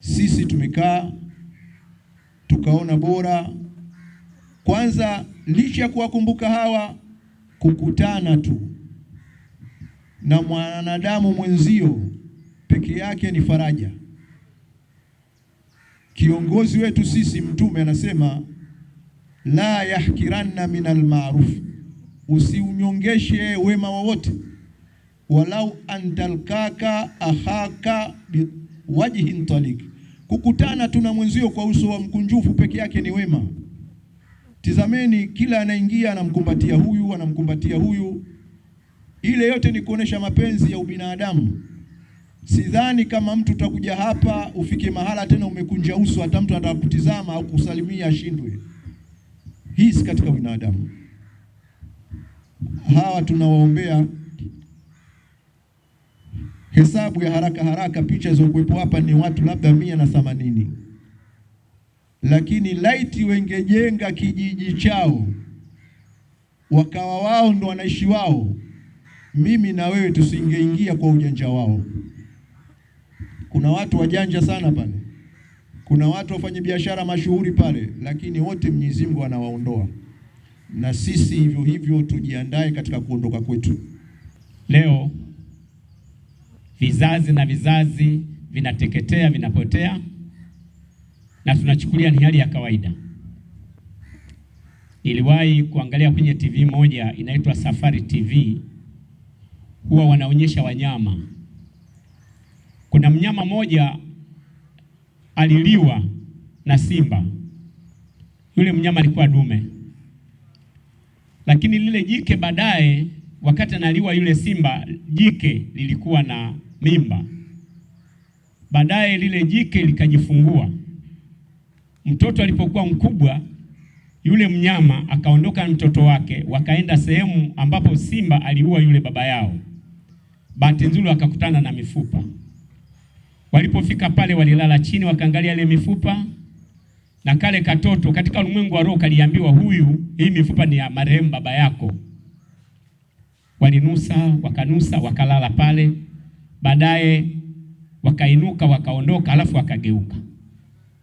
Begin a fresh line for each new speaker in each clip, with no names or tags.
Sisi tumekaa tukaona bora kwanza, licha ya kuwakumbuka hawa, kukutana tu na mwanadamu mwenzio peke yake ni faraja. Kiongozi wetu sisi, Mtume anasema la yahkiranna min almaruf, usiunyongeshe wema wowote, walau antalkaka ahaka biwajhin talik Kukutana tuna mwenzio kwa uso wa mkunjufu peke yake ni wema. Tizameni, kila anaingia anamkumbatia huyu, anamkumbatia huyu. Ile yote ni kuonesha mapenzi ya ubinadamu. Sidhani kama mtu utakuja hapa ufike mahala tena umekunja uso, hata mtu atakutizama au kusalimia ashindwe. Hii si katika ubinadamu. Hawa tunawaombea Hesabu ya haraka haraka, picha zilizokuwepo hapa ni watu labda mia na themanini, lakini laiti wengejenga kijiji chao wakawa wao ndo wanaishi wao, mimi na wewe tusingeingia kwa ujanja wao. Kuna watu wajanja sana pale, kuna watu wafanya biashara mashuhuri pale, lakini wote Mwenyezi Mungu anawaondoa. Na sisi hivyo hivyo tujiandae katika kuondoka kwetu
leo vizazi na vizazi vinateketea, vinapotea na tunachukulia ni hali ya kawaida. Niliwahi kuangalia kwenye TV moja inaitwa Safari TV, huwa wanaonyesha wanyama. Kuna mnyama moja aliliwa na simba. Yule mnyama alikuwa dume, lakini lile jike baadaye, wakati analiwa yule simba, jike lilikuwa na mimba, baadaye lile jike likajifungua. Mtoto alipokuwa mkubwa, yule mnyama akaondoka na mtoto wake, wakaenda sehemu ambapo simba aliua yule baba yao. Bahati nzuri wakakutana na mifupa. Walipofika pale, walilala chini, wakaangalia ile mifupa na kale katoto katika ulimwengu wa roho kaliambiwa, huyu, hii mifupa ni ya marehemu baba yako. Walinusa, wakanusa, wakalala pale baadaye wakainuka wakaondoka, alafu wakageuka.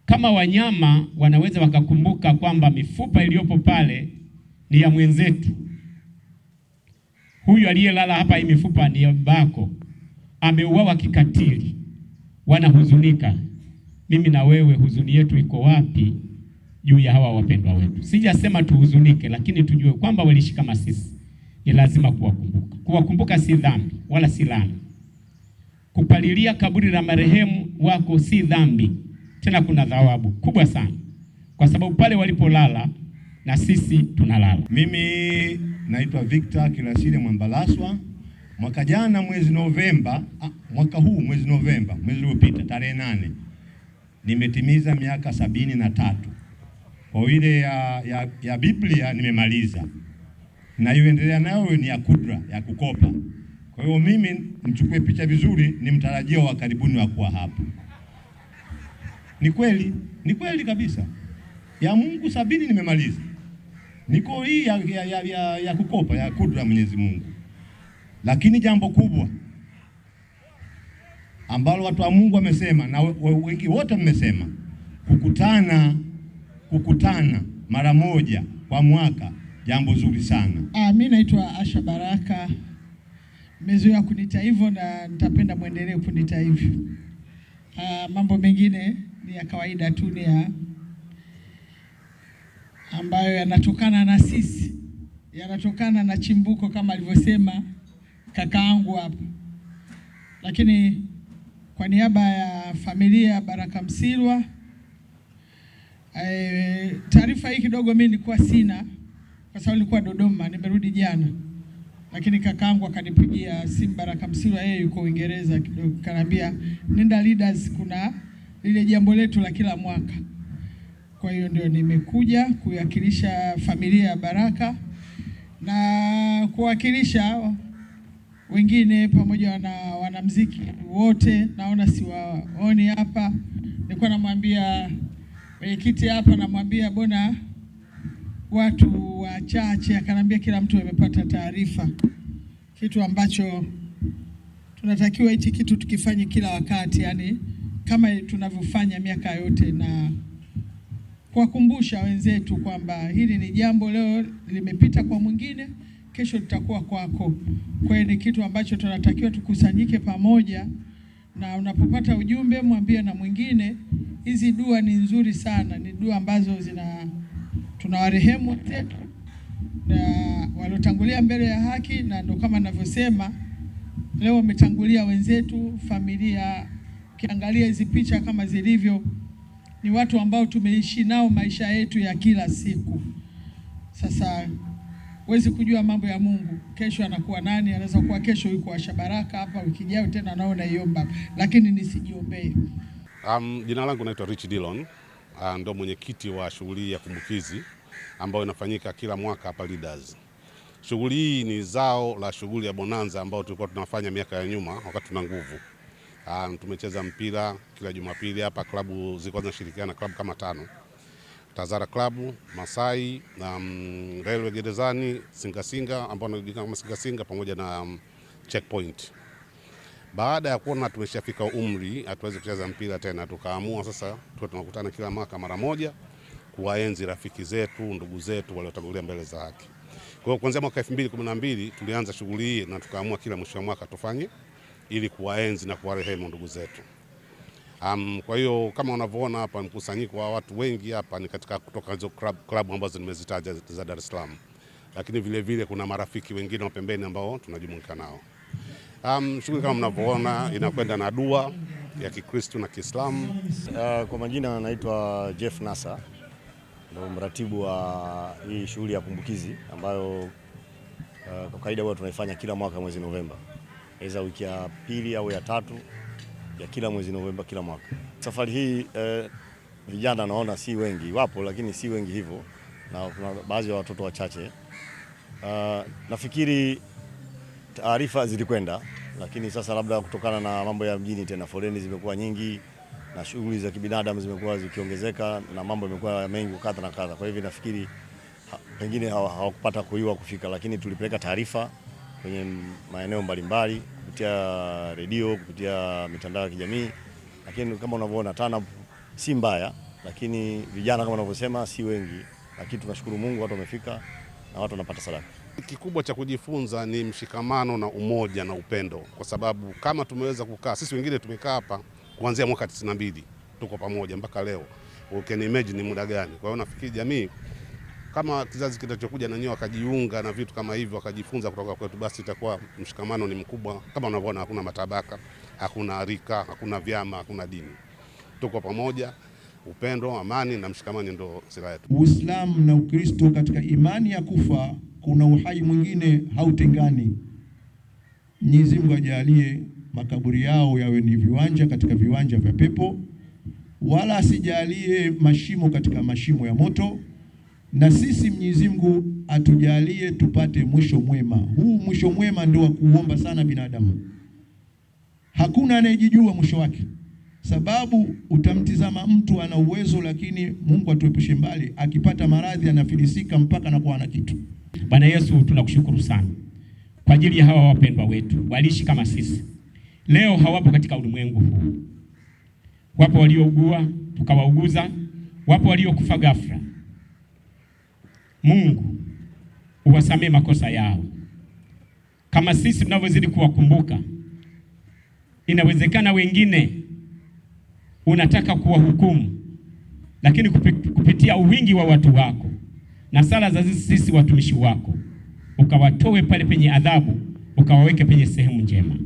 Kama wanyama wanaweza wakakumbuka kwamba mifupa iliyopo pale ni ya mwenzetu, huyu aliyelala hapa, hii mifupa ni ya babako, ameuawa kikatili, wanahuzunika. Mimi na wewe, huzuni yetu iko wapi juu ya hawa wapendwa wetu? Sijasema tuhuzunike, lakini tujue kwamba walishi kama sisi, ni lazima kuwakumbuka. Kuwakumbuka si dhambi wala si laana. Kupalilia kaburi la marehemu wako si dhambi, tena kuna thawabu kubwa sana, kwa sababu pale walipolala na sisi tunalala.
Mimi naitwa Victor Kilasile Mwambalaswa. Mwaka jana mwezi Novemba, ah, mwaka huu mwezi Novemba, mwezi uliopita tarehe nane nimetimiza miaka sabini na tatu kwa ile ya, ya, ya Biblia nimemaliza, na inayoendelea nayo ni ya kudra ya kukopa kwa hiyo mimi mchukue picha vizuri, ni mtarajio wa karibuni wa kuwa hapa. Ni kweli, ni kweli kabisa. Ya Mungu sabini nimemaliza, niko hii ya, ya, ya, ya, ya kukopa ya kudra Mwenyezi Mungu, lakini jambo kubwa ambalo watu wa Mungu wamesema na wengi wote mmesema, kukutana kukutana mara moja kwa mwaka, jambo zuri sana.
Ah, mimi naitwa Asha Baraka mmezoea kunita hivyo na nitapenda mwendelee kunita hivyo. Uh, mambo mengine ni ya kawaida tu, ni ya ambayo yanatokana na sisi, yanatokana na chimbuko kama alivyosema kakaangu hapa, lakini kwa niaba ya familia Baraka Msilwa e, taarifa hii kidogo mimi nilikuwa sina kwa sababu nilikuwa Dodoma, nimerudi jana lakini kakaangu akanipigia simu Baraka Msirwa, yeye yuko Uingereza kidogo, nenda Leaders, kuna lile jambo letu la kila mwaka. Kwa hiyo ndio nimekuja kuwakilisha familia ya Baraka na kuwakilisha wengine pamoja na wanamuziki wote, naona siwaoni hapa. Nilikuwa namwambia mwenyekiti hapa, namwambia bona watu wachache, akanambia kila mtu amepata taarifa, kitu ambacho tunatakiwa hichi kitu tukifanye kila wakati, yani kama tunavyofanya miaka yote, na kuwakumbusha wenzetu kwamba hili ni jambo leo limepita kwa mwingine, kesho litakuwa kwako. Kwa hiyo ni kitu ambacho tunatakiwa tukusanyike pamoja, na unapopata ujumbe mwambie na mwingine. Hizi dua ni nzuri sana, ni dua ambazo zina tunawarehemu wenzetu na waliotangulia mbele ya haki, na ndo kama ninavyosema leo wametangulia wenzetu familia. Ukiangalia hizi picha kama zilivyo, ni watu ambao tumeishi nao maisha yetu ya kila siku. Sasa huwezi kujua mambo ya Mungu, kesho anakuwa nani? Anaweza kuwa kesho yuko Ashabaraka hapa, wiki ijayo tena nao naiomba, lakini nisijiombee.
Um, jina langu naitwa Rich Dillon, Uh, ndo mwenyekiti wa shughuli ya kumbukizi ambayo inafanyika kila mwaka hapa Leaders. Shughuli hii ni zao la shughuli ya bonanza ambayo tulikuwa tunafanya miaka ya nyuma wakati tuna nguvu. Ah, tumecheza mpira kila Jumapili hapa, klabu zilikuwa zinashirikiana, klabu kama tano Tazara Klabu, Masai, na um, Railway Gerezani, Singa Singa ambao wanajulikana kama Singa Singa pamoja na um, Checkpoint. Baada ya kuona tumeshafika umri hatuwezi kucheza mpira tena, tukaamua sasa tuwe tunakutana kila mwaka mara moja kuwaenzi rafiki zetu, ndugu zetu waliotangulia mbele za haki. Kwa hiyo kuanzia mwaka 2012 tulianza shughuli hii na tukaamua kila mwisho wa mwaka tufanye ili kuwaenzi na kuwarehemu ndugu zetu. Um, kwa hiyo kama unavyoona hapa mkusanyiko wa watu wengi hapa ni katika kutoka hizo club, club ambazo nimezitaja za Dar es Salaam, lakini vile vile kuna marafiki wengine wa pembeni ambao tunajumuika nao. Um, shughuli kama mnavyoona inakwenda na dua ya Kikristo na Kiislamu.
Uh, kwa majina anaitwa Jeff Nasa mratibu wa hii shughuli ya kumbukizi ambayo uh, kwa kawaida huwa tunaifanya kila mwaka mwezi Novemba, aidha wiki ya pili au ya tatu ya kila mwezi Novemba kila mwaka. Safari hii uh, vijana naona si wengi, wapo lakini si wengi hivyo, na kuna baadhi ya watoto wachache. Uh, nafikiri taarifa zilikwenda, lakini sasa labda kutokana na mambo ya mjini tena, foleni zimekuwa nyingi na shughuli za kibinadamu zimekuwa zikiongezeka na mambo yamekuwa mengi kadha na kadha. Kwa hivyo nafikiri ha, pengine hawakupata hawa kuiwa kufika, lakini tulipeleka taarifa kwenye maeneo mbalimbali kupitia redio, kupitia mitandao ya kijamii, lakini kama unavyoona tana si mbaya, lakini vijana kama unavyosema si wengi, lakini tunashukuru Mungu watu wamefika na watu wanapata sadaka.
Kikubwa cha kujifunza ni mshikamano na umoja na upendo, kwa sababu kama tumeweza kukaa sisi wengine tumekaa hapa kuanzia mwaka 92 tuko pamoja mpaka leo. You can imagine muda gani? Kwa hiyo nafikiri jamii kama kizazi kitachokuja nanyewe wakajiunga na vitu kama hivyo wakajifunza kutoka kwetu, basi itakuwa mshikamano ni mkubwa. Kama unavyoona, hakuna matabaka, hakuna rika, hakuna vyama, hakuna dini, tuko pamoja. Upendo, amani na mshikamano ndio silaha yetu.
Uislamu na Ukristo katika imani ya kufa kuna uhai mwingine hautengani. Mwenyezi Mungu ajalie makaburi yao yawe ni viwanja katika viwanja vya pepo, wala asijalie mashimo katika mashimo ya moto, na sisi Mwenyezi Mungu atujalie tupate mwisho mwema. Huu mwisho mwema ndio wa kuomba sana binadamu, hakuna anayejijua mwisho wake, sababu utamtizama mtu ana uwezo, lakini Mungu atuepushe mbali, akipata maradhi anafilisika mpaka kuwa na kitu.
Bwana Yesu, tunakushukuru sana kwa ajili ya hawa wapendwa wetu waliishi kama sisi. Leo hawapo katika ulimwengu huu. Wapo waliougua tukawauguza, wapo waliokufa ghafla. Mungu uwasamee makosa yao, kama sisi tunavyozidi kuwakumbuka. Inawezekana wengine unataka kuwahukumu, lakini kupitia uwingi wa watu wako na sala za sisi watumishi wako, ukawatoe pale penye adhabu, ukawaweke penye sehemu njema.